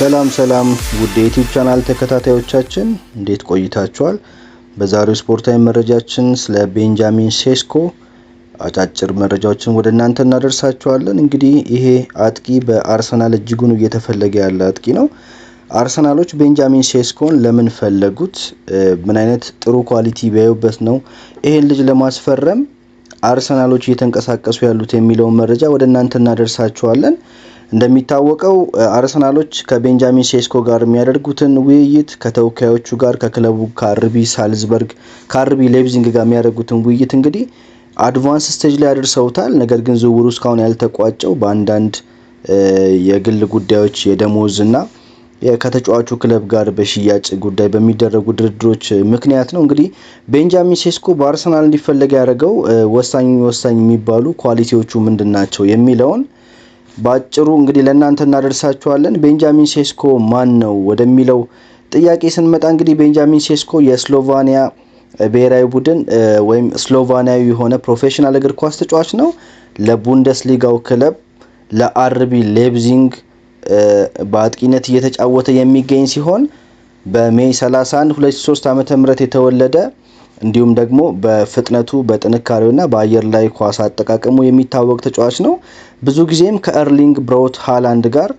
ሰላም ሰላም ውድ የዩቲዩብ ቻናል ተከታታዮቻችን እንዴት ቆይታችኋል? በዛሬው ስፖርታዊ መረጃችን ስለ ቤንጃሚን ሴስኮ አጫጭር መረጃዎችን ወደ እናንተ እናደርሳችኋለን። እንግዲህ ይሄ አጥቂ በአርሰናል እጅጉን እየተፈለገ ያለ አጥቂ ነው። አርሰናሎች ቤንጃሚን ሴስኮን ለምን ፈለጉት? ምን አይነት ጥሩ ኳሊቲ ቢያዩበት ነው ይሄን ልጅ ለማስፈረም አርሰናሎች እየተንቀሳቀሱ ያሉት የሚለውን መረጃ ወደ እናንተ እናደርሳችኋለን። እንደሚታወቀው አርሰናሎች ከቤንጃሚን ሴስኮ ጋር የሚያደርጉትን ውይይት ከተወካዮቹ ጋር ከክለቡ ከአርቢ ሳልዝበርግ ከአርቢ ሌብዚንግ ጋር የሚያደርጉትን ውይይት እንግዲህ አድቫንስ ስቴጅ ላይ አድርሰውታል። ነገር ግን ዝውውሩ እስካሁን ያልተቋጨው በአንዳንድ የግል ጉዳዮች የደሞዝ እና ከተጫዋቹ ክለብ ጋር በሽያጭ ጉዳይ በሚደረጉ ድርድሮች ምክንያት ነው። እንግዲህ ቤንጃሚን ሴስኮ በአርሰናል እንዲፈለግ ያደረገው ወሳኝ ወሳኝ የሚባሉ ኳሊቲዎቹ ምንድን ናቸው የሚለውን በአጭሩ እንግዲህ ለእናንተ እናደርሳችኋለን። ቤንጃሚን ሴስኮ ማን ነው ወደሚለው ጥያቄ ስንመጣ እንግዲህ ቤንጃሚን ሴስኮ የስሎቫኒያ ብሔራዊ ቡድን ወይም ስሎቫኒያዊ የሆነ ፕሮፌሽናል እግር ኳስ ተጫዋች ነው። ለቡንደስሊጋው ክለብ ለአርቢ ሌብዚንግ በአጥቂነት እየተጫወተ የሚገኝ ሲሆን በሜይ 31 2003 ም የተወለደ እንዲሁም ደግሞ በፍጥነቱ በጥንካሬውና በአየር ላይ ኳስ አጠቃቀሙ የሚታወቅ ተጫዋች ነው። ብዙ ጊዜም ከኤርሊንግ ብሮት ሃላንድ ጋር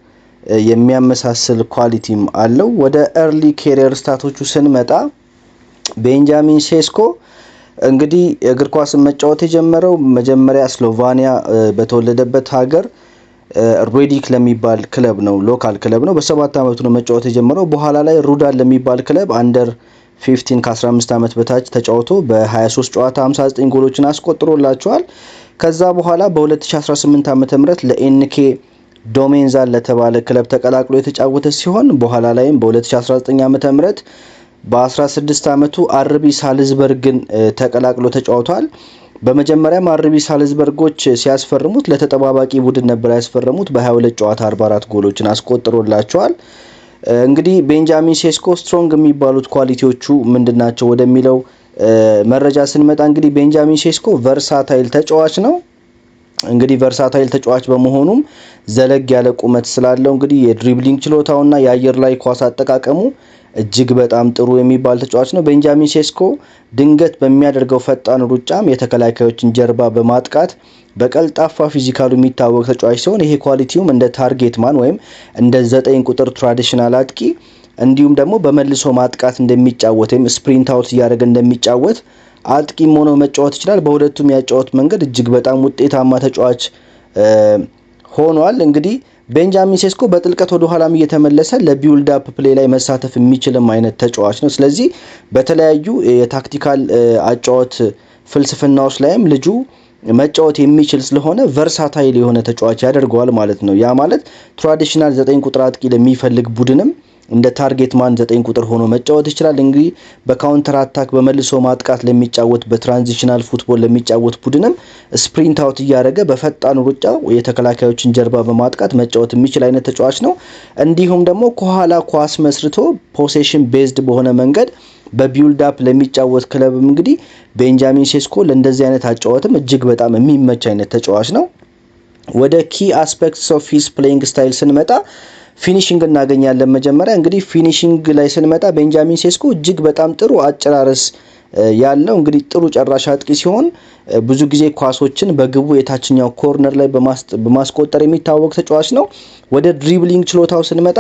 የሚያመሳስል ኳሊቲም አለው። ወደ ኤርሊ ኬሪየር ስታቶቹ ስንመጣ ቤንጃሚን ሴስኮ እንግዲህ እግር ኳስን መጫወት የጀመረው መጀመሪያ ስሎቫኒያ በተወለደበት ሀገር ሬዲክ ለሚባል ክለብ ነው፣ ሎካል ክለብ ነው። በሰባት ዓመቱ ነው መጫወት የጀመረው። በኋላ ላይ ሩዳን ለሚባል ክለብ አንደር ፊፍቲን ከ15 ዓመት በታች ተጫውቶ በ23 ጨዋታ 59 ጎሎችን አስቆጥሮላቸዋል። ከዛ በኋላ በ2018 ዓ ም ለኤንኬ ዶሜንዛን ለተባለ ክለብ ተቀላቅሎ የተጫወተ ሲሆን በኋላ ላይም በ2019 ዓ ም በ16 ዓመቱ አርቢ ሳልዝበርግን ተቀላቅሎ ተጫውቷል። በመጀመሪያም አርቢ ሳልዝበርጎች ሲያስፈርሙት ለተጠባባቂ ቡድን ነበር ያስፈረሙት። በ22 ጨዋታ 44 ጎሎችን አስቆጥሮላቸዋል። እንግዲህ ቤንጃሚን ሴስኮ ስትሮንግ የሚባሉት ኳሊቲዎቹ ምንድን ናቸው ወደሚለው መረጃ ስንመጣ እንግዲህ ቤንጃሚን ሴስኮ ቨርሳታይል ተጫዋች ነው። እንግዲህ ቨርሳታይል ተጫዋች በመሆኑም ዘለግ ያለ ቁመት ስላለው እንግዲህ የድሪብሊንግ ችሎታውና የአየር ላይ ኳስ አጠቃቀሙ እጅግ በጣም ጥሩ የሚባል ተጫዋች ነው። ቤንጃሚን ሴስኮ ድንገት በሚያደርገው ፈጣን ሩጫም የተከላካዮችን ጀርባ በማጥቃት በቀልጣፋ ፊዚካሉ የሚታወቅ ተጫዋች ሲሆን ይሄ ኳሊቲውም እንደ ታርጌት ማን ወይም እንደ ዘጠኝ ቁጥር ትራዲሽናል አጥቂ እንዲሁም ደግሞ በመልሶ ማጥቃት እንደሚጫወት ወይም ስፕሪንት አውት እያደረገ እንደሚጫወት አጥቂም ሆኖ መጫወት ይችላል። በሁለቱም ያጫወት መንገድ እጅግ በጣም ውጤታማ ተጫዋች ሆኗል። እንግዲህ ቤንጃሚን ሴስኮ በጥልቀት ወደ ኋላም እየተመለሰ ለቢውልድ አፕ ላይ መሳተፍ የሚችልም አይነት ተጫዋች ነው። ስለዚህ በተለያዩ የታክቲካል አጫወት ፍልስፍናዎች ላይም ልጁ መጫወት የሚችል ስለሆነ ቨርሳታይል የሆነ ተጫዋች ያደርገዋል ማለት ነው። ያ ማለት ትራዲሽናል ዘጠኝ ቁጥር አጥቂ ለሚፈልግ ቡድንም እንደ ታርጌት ማን ዘጠኝ ቁጥር ሆኖ መጫወት ይችላል። እንግዲህ በካውንተር አታክ በመልሶ ማጥቃት ለሚጫወት በትራንዚሽናል ፉትቦል ለሚጫወት ቡድንም ስፕሪንት አውት እያደረገ በፈጣን ሩጫ የተከላካዮችን ጀርባ በማጥቃት መጫወት የሚችል አይነት ተጫዋች ነው። እንዲሁም ደግሞ ከኋላ ኳስ መስርቶ ፖሴሽን ቤዝድ በሆነ መንገድ በቢውልድ አፕ ለሚጫወት ክለብም እንግዲህ ቤንጃሚን ሴስኮ ለእንደዚህ አይነት አጫወትም እጅግ በጣም የሚመች አይነት ተጫዋች ነው። ወደ ኪ አስፔክትስ ኦፍ ሂስ ፕሌይንግ ስታይል ስንመጣ ፊኒሽንግ እናገኛለን። መጀመሪያ እንግዲህ ፊኒሽንግ ላይ ስንመጣ ቤንጃሚን ሴስኮ እጅግ በጣም ጥሩ አጨራረስ ያለው እንግዲህ ጥሩ ጨራሽ አጥቂ ሲሆን ብዙ ጊዜ ኳሶችን በግቡ የታችኛው ኮርነር ላይ በማስቆጠር የሚታወቅ ተጫዋች ነው። ወደ ድሪብሊንግ ችሎታው ስንመጣ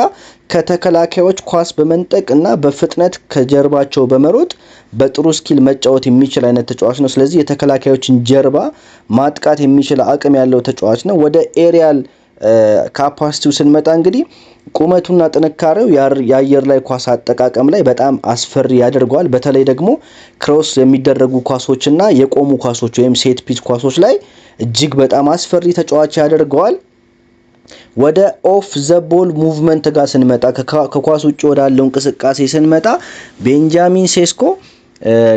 ከተከላካዮች ኳስ በመንጠቅ እና በፍጥነት ከጀርባቸው በመሮጥ በጥሩ ስኪል መጫወት የሚችል አይነት ተጫዋች ነው። ስለዚህ የተከላካዮችን ጀርባ ማጥቃት የሚችል አቅም ያለው ተጫዋች ነው። ወደ ኤሪያል ካፓሲቲው ስንመጣ እንግዲህ ቁመቱና ጥንካሬው የአየር ላይ ኳስ አጠቃቀም ላይ በጣም አስፈሪ ያደርገዋል። በተለይ ደግሞ ክሮስ የሚደረጉ ኳሶችና የቆሙ ኳሶች ወይም ሴት ፒች ኳሶች ላይ እጅግ በጣም አስፈሪ ተጫዋች ያደርገዋል። ወደ ኦፍ ዘ ቦል ሙቭመንት ጋር ስንመጣ ከኳስ ውጭ ወዳለው እንቅስቃሴ ስንመጣ ቤንጃሚን ሴስኮ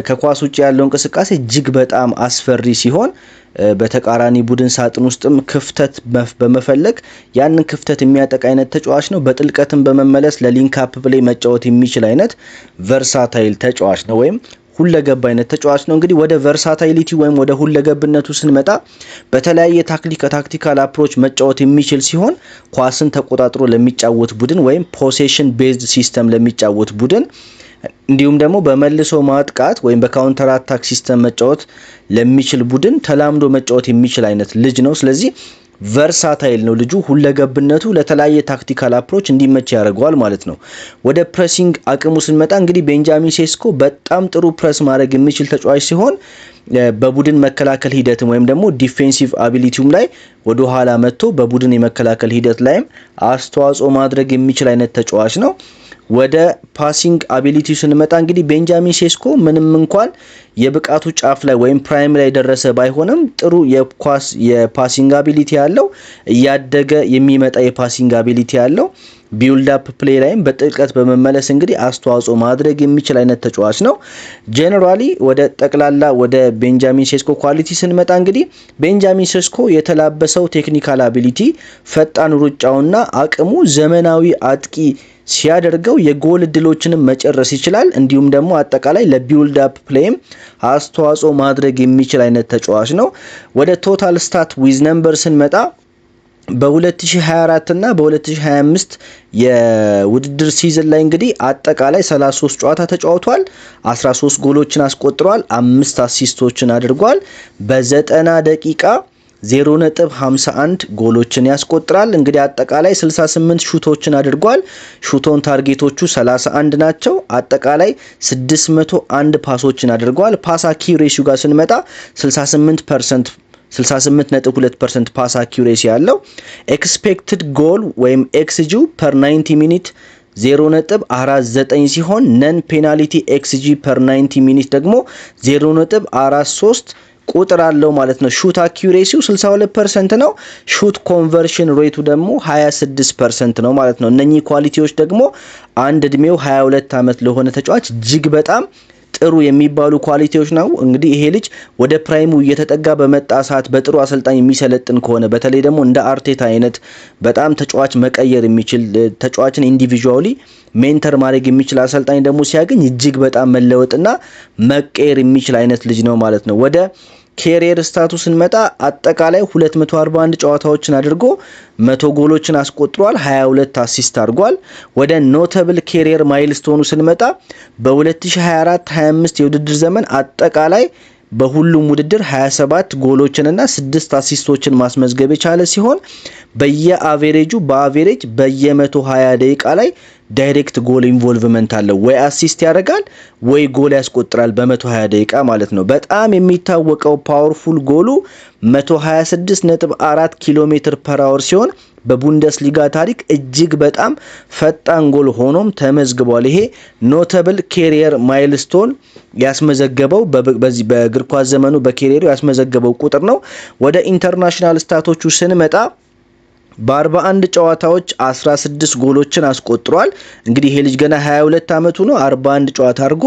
ከኳስ ውጭ ያለው እንቅስቃሴ እጅግ በጣም አስፈሪ ሲሆን በተቃራኒ ቡድን ሳጥን ውስጥም ክፍተት በመፈለግ ያንን ክፍተት የሚያጠቅ አይነት ተጫዋች ነው። በጥልቀትም በመመለስ ለሊንካፕ ፕሌይ መጫወት የሚችል አይነት ቨርሳታይል ተጫዋች ነው ወይም ሁለገብ አይነት ተጫዋች ነው። እንግዲህ ወደ ቨርሳታይሊቲ ወይም ወደ ሁለገብነቱ ስንመጣ በተለያየ ታክቲክ ከታክቲካል አፕሮች መጫወት የሚችል ሲሆን ኳስን ተቆጣጥሮ ለሚጫወት ቡድን ወይም ፖሴሽን ቤዝድ ሲስተም ለሚጫወት ቡድን እንዲሁም ደግሞ በመልሶ ማጥቃት ወይም በካውንተር አታክ ሲስተም መጫወት ለሚችል ቡድን ተላምዶ መጫወት የሚችል አይነት ልጅ ነው። ስለዚህ ቨርሳታይል ነው ልጁ። ሁለገብነቱ ለተለያየ ታክቲካል አፕሮች እንዲመች ያደርገዋል ማለት ነው። ወደ ፕሬሲንግ አቅሙ ስንመጣ እንግዲህ ቤንጃሚን ሴስኮ በጣም ጥሩ ፕረስ ማድረግ የሚችል ተጫዋች ሲሆን በቡድን መከላከል ሂደትም ወይም ደግሞ ዲፌንሲቭ አቢሊቲውም ላይ ወደ ኋላ መጥቶ በቡድን የመከላከል ሂደት ላይም አስተዋጽኦ ማድረግ የሚችል አይነት ተጫዋች ነው። ወደ ፓሲንግ አቢሊቲው ስንመጣ እንግዲህ ቤንጃሚን ሴስኮ ምንም እንኳን የብቃቱ ጫፍ ላይ ወይም ፕራይም ላይ የደረሰ ባይሆንም ጥሩ የኳስ የፓሲንግ አቢሊቲ ያለው እያደገ የሚመጣ የፓሲንግ አቢሊቲ ያለው ቢውልድ አፕ ፕሌይ ላይም በጥልቀት በመመለስ እንግዲህ አስተዋጽኦ ማድረግ የሚችል አይነት ተጫዋች ነው። ጀነራሊ ወደ ጠቅላላ ወደ ቤንጃሚን ሴስኮ ኳሊቲ ስንመጣ እንግዲህ ቤንጃሚን ሴስኮ የተላበሰው ቴክኒካል አቢሊቲ፣ ፈጣን ሩጫውና አቅሙ ዘመናዊ አጥቂ ሲያደርገው የጎል እድሎችንም መጨረስ ይችላል። እንዲሁም ደግሞ አጠቃላይ ለቢውልድ አፕ ፕሌይም አስተዋጽኦ ማድረግ የሚችል አይነት ተጫዋች ነው። ወደ ቶታል ስታት ዊዝ ነምበር ስንመጣ በ2024 እና በ2025 የውድድር ሲዝን ላይ እንግዲህ አጠቃላይ 33 ጨዋታ ተጫውቷል። 13 ጎሎችን አስቆጥሯል። አምስት አሲስቶችን አድርጓል። በ90 ደቂቃ 0.51 ጎሎችን ያስቆጥራል። እንግዲህ አጠቃላይ 68 ሹቶችን አድርጓል። ሹቶን ታርጌቶቹ 31 ናቸው። አጠቃላይ 601 ፓሶችን አድርጓል። ፓስ አኪዩሬሲው ጋር ስንመጣ 68 ፐርሰንት 68.2% ፓስ አኪሬሲ ያለው ኤክስፔክትድ ጎል ወይም ኤክስጂው ፐር 90 ሚኒት 0.49 ሲሆን ነን ፔናልቲ ኤክስጂ ፐር 90 ሚኒት ደግሞ 0.43 ቁጥር አለው ማለት ነው። ሹት አኪሬሲው 62% ነው። ሹት ኮንቨርሽን ሬቱ ደግሞ 26% ነው ማለት ነው። እነኚህ ኳሊቲዎች ደግሞ አንድ እድሜው 22 ዓመት ለሆነ ተጫዋች እጅግ በጣም ጥሩ የሚባሉ ኳሊቲዎች ነው። እንግዲህ ይሄ ልጅ ወደ ፕራይሙ እየተጠጋ በመጣ ሰዓት በጥሩ አሰልጣኝ የሚሰለጥን ከሆነ በተለይ ደግሞ እንደ አርቴታ አይነት በጣም ተጫዋች መቀየር የሚችል ተጫዋችን ኢንዲቪዥዋሊ ሜንተር ማድረግ የሚችል አሰልጣኝ ደግሞ ሲያገኝ እጅግ በጣም መለወጥና መቀየር የሚችል አይነት ልጅ ነው ማለት ነው ወደ ኬሪየር ስታቱ ስንመጣ አጠቃላይ 241 ጨዋታዎችን አድርጎ 100 ጎሎችን አስቆጥሯል። 22 አሲስት አድርጓል። ወደ ኖተብል ኬሪየር ማይልስቶኑ ስንመጣ በ2024 25 የውድድር ዘመን አጠቃላይ በሁሉም ውድድር 27 ጎሎችንና 6 አሲስቶችን ማስመዝገብ የቻለ ሲሆን በየአቬሬጁ በአቬሬጅ በየ120 ደቂቃ ላይ ዳይሬክት ጎል ኢንቮልቭመንት አለው። ወይ አሲስት ያደርጋል ወይ ጎል ያስቆጥራል በ120 ደቂቃ ማለት ነው። በጣም የሚታወቀው ፓወርፉል ጎሉ 126.4 ኪሎ ሜትር ፐር አወር ሲሆን በቡንደስሊጋ ታሪክ እጅግ በጣም ፈጣን ጎል ሆኖም ተመዝግቧል። ይሄ ኖተብል ኬሪየር ማይልስቶን ያስመዘገበው በዚህ በእግር ኳስ ዘመኑ በኬሪየሩ ያስመዘገበው ቁጥር ነው። ወደ ኢንተርናሽናል ስታቶቹ ስንመጣ በ41 ጨዋታዎች 16 ጎሎችን አስቆጥሯል። እንግዲህ ይሄ ልጅ ገና 22 ዓመቱ ነው። 41 ጨዋታ አድርጎ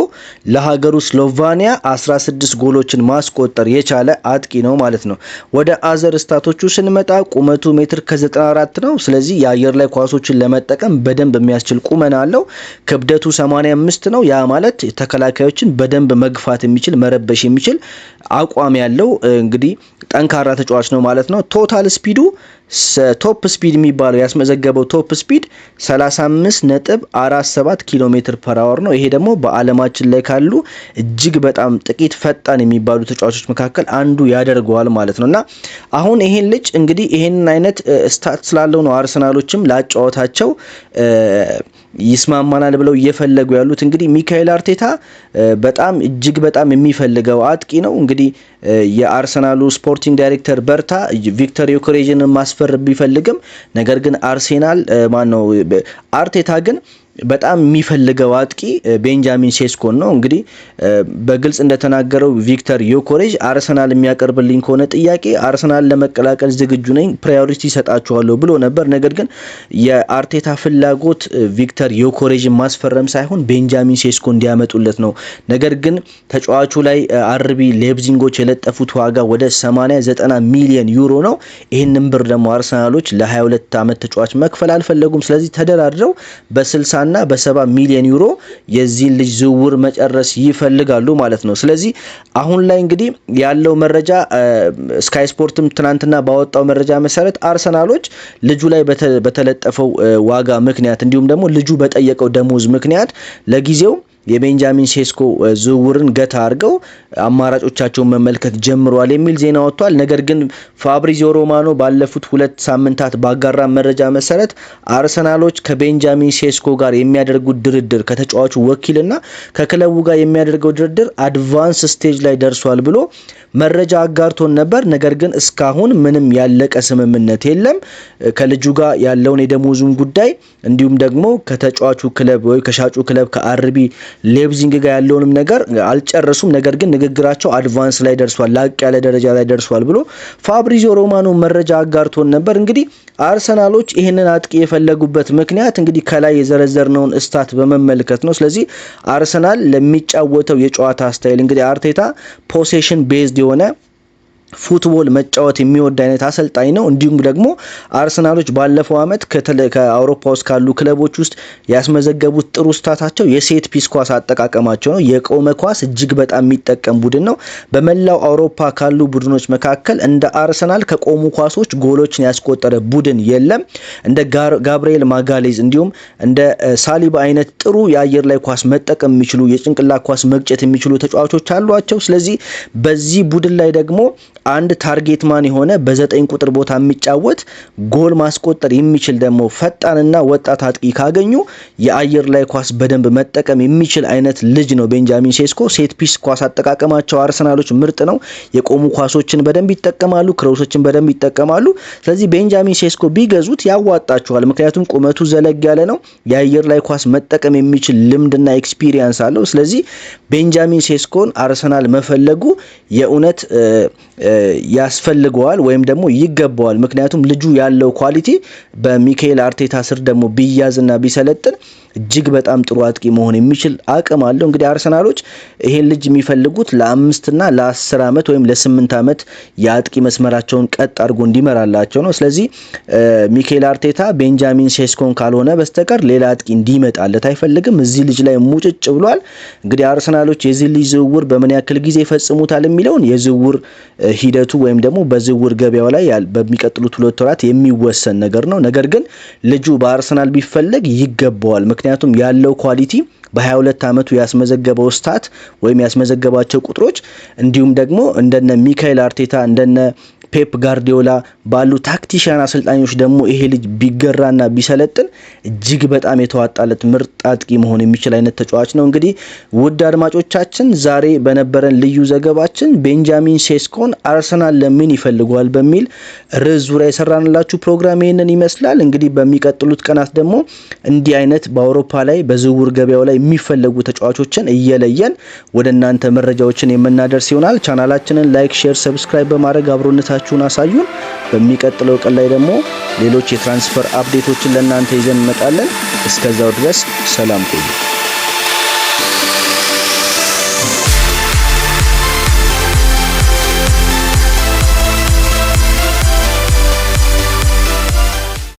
ለሀገሩ ስሎቫኒያ 16 ጎሎችን ማስቆጠር የቻለ አጥቂ ነው ማለት ነው። ወደ አዘር ስታቶቹ ስንመጣ ቁመቱ ሜትር ከ94 ነው። ስለዚህ የአየር ላይ ኳሶችን ለመጠቀም በደንብ የሚያስችል ቁመና አለው። ክብደቱ 85 ነው። ያ ማለት ተከላካዮችን በደንብ መግፋት የሚችል መረበሽ የሚችል አቋም ያለው እንግዲህ ጠንካራ ተጫዋች ነው ማለት ነው። ቶታል ስፒዱ ቶፕ ስፒድ የሚባለው ያስመዘገበው ቶፕ ስፒድ 35.47 ኪሎ ሜትር ፐር አወር ነው። ይሄ ደግሞ በዓለማችን ላይ ካሉ እጅግ በጣም ጥቂት ፈጣን የሚባሉ ተጫዋቾች መካከል አንዱ ያደርገዋል ማለት ነው እና አሁን ይሄን ልጅ እንግዲህ ይሄንን አይነት ስታት ስላለው ነው አርሰናሎችም ላጫወታቸው ይስማማናል ብለው እየፈለጉ ያሉት እንግዲህ ሚካኤል አርቴታ በጣም እጅግ በጣም የሚፈልገው አጥቂ ነው። እንግዲህ የአርሰናሉ ስፖርቲንግ ዳይሬክተር በርታ ቪክተር ዮከሬጅን ማስ ማስፈር ቢፈልግም ነገር ግን አርሴናል ማን ነው አርቴታ ግን በጣም የሚፈልገው አጥቂ ቤንጃሚን ሴስኮን ነው። እንግዲህ በግልጽ እንደተናገረው ቪክተር ዮኮሬጅ አርሰናል የሚያቀርብልኝ ከሆነ ጥያቄ አርሰናል ለመቀላቀል ዝግጁ ነኝ፣ ፕራዮሪቲ ይሰጣችኋለሁ ብሎ ነበር። ነገር ግን የአርቴታ ፍላጎት ቪክተር ዮኮሬጅን ማስፈረም ሳይሆን ቤንጃሚን ሴስኮ እንዲያመጡለት ነው። ነገር ግን ተጫዋቹ ላይ አርቢ ሌብዚንጎች የለጠፉት ዋጋ ወደ 80 90 ሚሊዮን ዩሮ ነው። ይህንን ብር ደግሞ አርሰናሎች ለ22 ዓመት ተጫዋች መክፈል አልፈለጉም። ስለዚህ ተደራድረው በ60 እና በሰባ ሚሊዮን ዩሮ የዚህን ልጅ ዝውውር መጨረስ ይፈልጋሉ ማለት ነው። ስለዚህ አሁን ላይ እንግዲህ ያለው መረጃ ስካይ ስፖርትም ትናንትና ባወጣው መረጃ መሰረት አርሰናሎች ልጁ ላይ በተለጠፈው ዋጋ ምክንያት እንዲሁም ደግሞ ልጁ በጠየቀው ደሞዝ ምክንያት ለጊዜው የቤንጃሚን ሴስኮ ዝውውርን ገታ አድርገው አማራጮቻቸውን መመልከት ጀምረዋል የሚል ዜና ወጥቷል። ነገር ግን ፋብሪዚዮ ሮማኖ ባለፉት ሁለት ሳምንታት ባጋራ መረጃ መሰረት አርሰናሎች ከቤንጃሚን ሴስኮ ጋር የሚያደርጉት ድርድር ከተጫዋቹ ወኪልና ከክለቡ ጋር የሚያደርገው ድርድር አድቫንስ ስቴጅ ላይ ደርሷል ብሎ መረጃ አጋርቶን ነበር። ነገር ግን እስካሁን ምንም ያለቀ ስምምነት የለም። ከልጁ ጋር ያለውን የደሞዙን ጉዳይ እንዲሁም ደግሞ ከተጫዋቹ ክለብ ወይ ከሻጩ ክለብ ከአርቢ ሌብዚንግ ጋር ያለውንም ነገር አልጨረሱም፣ ነገር ግን ንግግራቸው አድቫንስ ላይ ደርሷል፣ ላቅ ያለ ደረጃ ላይ ደርሷል ብሎ ፋብሪዚዮ ሮማኖ መረጃ አጋርቶን ነበር። እንግዲህ አርሰናሎች ይህንን አጥቂ የፈለጉበት ምክንያት እንግዲህ ከላይ የዘረዘርነውን እስታት በመመልከት ነው። ስለዚህ አርሰናል ለሚጫወተው የጨዋታ ስታይል እንግዲህ አርቴታ ፖሴሽን ቤዝድ የሆነ ፉትቦል መጫወት የሚወድ አይነት አሰልጣኝ ነው። እንዲሁም ደግሞ አርሰናሎች ባለፈው አመት ከአውሮፓ ውስጥ ካሉ ክለቦች ውስጥ ያስመዘገቡት ጥሩ ስታታቸው የሴት ፒስ ኳስ አጠቃቀማቸው ነው። የቆመ ኳስ እጅግ በጣም የሚጠቀም ቡድን ነው። በመላው አውሮፓ ካሉ ቡድኖች መካከል እንደ አርሰናል ከቆሙ ኳሶች ጎሎችን ያስቆጠረ ቡድን የለም። እንደ ጋብርኤል ማጋሌዝ እንዲሁም እንደ ሳሊባ አይነት ጥሩ የአየር ላይ ኳስ መጠቀም የሚችሉ የጭንቅላት ኳስ መግጨት የሚችሉ ተጫዋቾች አሏቸው። ስለዚህ በዚህ ቡድን ላይ ደግሞ አንድ ታርጌት ማን የሆነ በዘጠኝ ቁጥር ቦታ የሚጫወት ጎል ማስቆጠር የሚችል ደግሞ ፈጣንና ወጣት አጥቂ ካገኙ የአየር ላይ ኳስ በደንብ መጠቀም የሚችል አይነት ልጅ ነው ቤንጃሚን ሴስኮ። ሴት ፒስ ኳስ አጠቃቀማቸው አርሰናሎች ምርጥ ነው። የቆሙ ኳሶችን በደንብ ይጠቀማሉ፣ ክረውሶችን በደንብ ይጠቀማሉ። ስለዚህ ቤንጃሚን ሴስኮ ቢገዙት ያዋጣችኋል። ምክንያቱም ቁመቱ ዘለግ ያለ ነው። የአየር ላይ ኳስ መጠቀም የሚችል ልምድና ኤክስፒሪየንስ አለው። ስለዚህ ቤንጃሚን ሴስኮን አርሰናል መፈለጉ የእውነት ያስፈልገዋል ወይም ደግሞ ይገባዋል። ምክንያቱም ልጁ ያለው ኳሊቲ በሚካኤል አርቴታ ስር ደግሞ ቢያዝና ቢሰለጥን እጅግ በጣም ጥሩ አጥቂ መሆን የሚችል አቅም አለው። እንግዲህ አርሰናሎች ይሄን ልጅ የሚፈልጉት ለአምስትና ለአስር ዓመት ወይም ለስምንት ዓመት የአጥቂ መስመራቸውን ቀጥ አድርጎ እንዲመራላቸው ነው። ስለዚህ ሚኬል አርቴታ ቤንጃሚን ሴስኮን ካልሆነ በስተቀር ሌላ አጥቂ እንዲመጣለት አይፈልግም። እዚህ ልጅ ላይ ሙጭጭ ብሏል። እንግዲህ አርሰናሎች የዚህ ልጅ ዝውውር በምን ያክል ጊዜ ይፈጽሙታል የሚለውን የዝውውር ሂደቱ ወይም ደግሞ በዝውውር ገበያው ላይ በሚቀጥሉት ሁለት ወራት የሚወሰን ነገር ነው። ነገር ግን ልጁ በአርሰናል ቢፈለግ ይገባዋል። ምክንያቱም ያለው ኳሊቲ በ22 ዓመቱ ያስመዘገበው ስታት ወይም ያስመዘገባቸው ቁጥሮች እንዲሁም ደግሞ እንደነ ሚካኤል አርቴታ እንደነ ፔፕ ጋርዲዮላ ባሉ ታክቲሽያን አሰልጣኞች ደግሞ ይሄ ልጅ ቢገራና ቢሰለጥን እጅግ በጣም የተዋጣለት ምርጥ አጥቂ መሆን የሚችል አይነት ተጫዋች ነው። እንግዲህ ውድ አድማጮቻችን ዛሬ በነበረን ልዩ ዘገባችን ቤንጃሚን ሴስኮን አርሰናል ለምን ይፈልገዋል በሚል ርዕስ ዙሪያ የሰራንላችሁ ፕሮግራም ይህንን ይመስላል። እንግዲህ በሚቀጥሉት ቀናት ደግሞ እንዲህ አይነት በአውሮፓ ላይ በዝውውር ገበያው ላይ የሚፈለጉ ተጫዋቾችን እየለየን ወደ እናንተ መረጃዎችን የምናደርስ ይሆናል። ቻናላችንን ላይክ፣ ሼር፣ ሰብስክራይብ በማድረግ አብሮነት አስተያየታችሁን አሳዩን። በሚቀጥለው ቀን ላይ ደግሞ ሌሎች የትራንስፈር አፕዴቶችን ለእናንተ ይዘን እንመጣለን። እስከዛው ድረስ ሰላም ቆዩ።